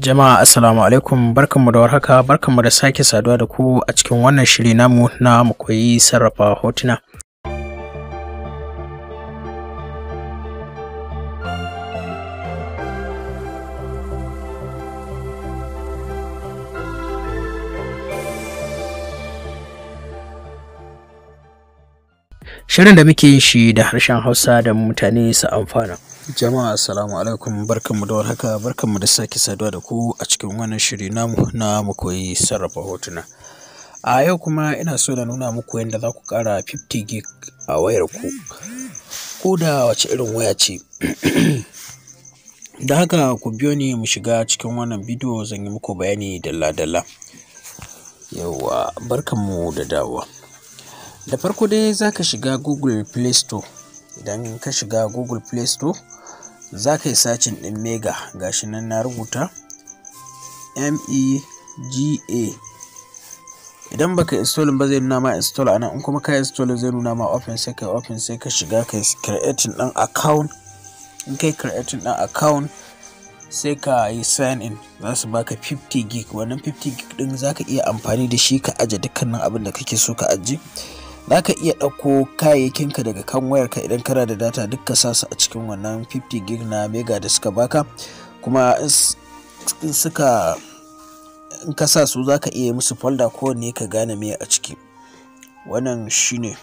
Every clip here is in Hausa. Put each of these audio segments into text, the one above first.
Jama'a assalamu alaikum barkanmu da warhaka barkanmu da sake saduwa da ku a cikin wannan shiri namu na mu koyi sarrafa hotuna. Shirin da muke yin shi da harshen Hausa da mutane su amfana. Jama'a assalamu alaikum mu, da warhaka barkanmu da sake saduwa da ku a cikin wannan shiri namu na mu koyi sarrafa hotuna. A yau kuma ina so da nuna muku yadda za ku ƙara 50 gig a wayar ku. Ko da wace irin waya ce. da haka ku biyo ni mu shiga cikin wannan bidiyo zan yi muku bayani dalla-dalla. Yauwa barkanmu da dawowa. Da farko dai za ka shiga Google Play Store idan ka shiga google play store za ka yi sacin ɗin mega gashi nan na rubuta mega idan baka installin ba zai nuna ma install ana in kuma ka install zai nuna ma open sai ka open sai ka shiga ka creating ɗin account in kai creating ɗin account sai ka yi sign in za su baka 50 gig wannan 50 gig din za ka iya amfani da shi ka aje dukkanin abin da kake so ka aje za ka iya ɗauko kayayyakinka daga kan wayarka idan kana da data duk ka su a cikin wannan 50 gig na mega da suka baka kuma in suka in ka sa su za ka iya musu folda kowanne ka gane me a ciki wannan shine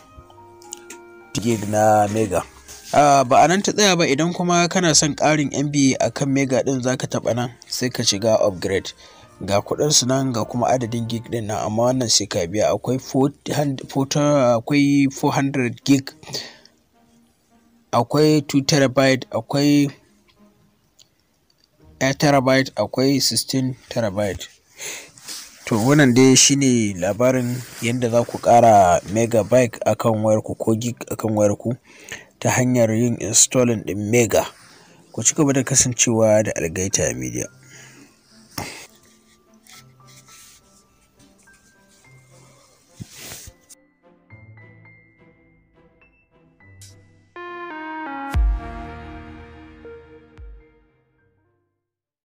gig na mega Uh, ba a nan ta tsaya ba idan kuma kana son ƙarin mb akan mega ɗin zaka taɓa nan sai ka shiga upgrade ga kuɗin su nan ga kuma adadin gig din nan amma wannan sai ka biya akwai 400 gig akwai 2 terabyte akwai 8 terabyte akwai 16 terabyte to wannan dai shine labarin yadda za ku ƙara megabyte akan wayarku ko gig akan wayarku ta hanyar yin installing ɗin mega ku ci gaba da kasancewa da algaita media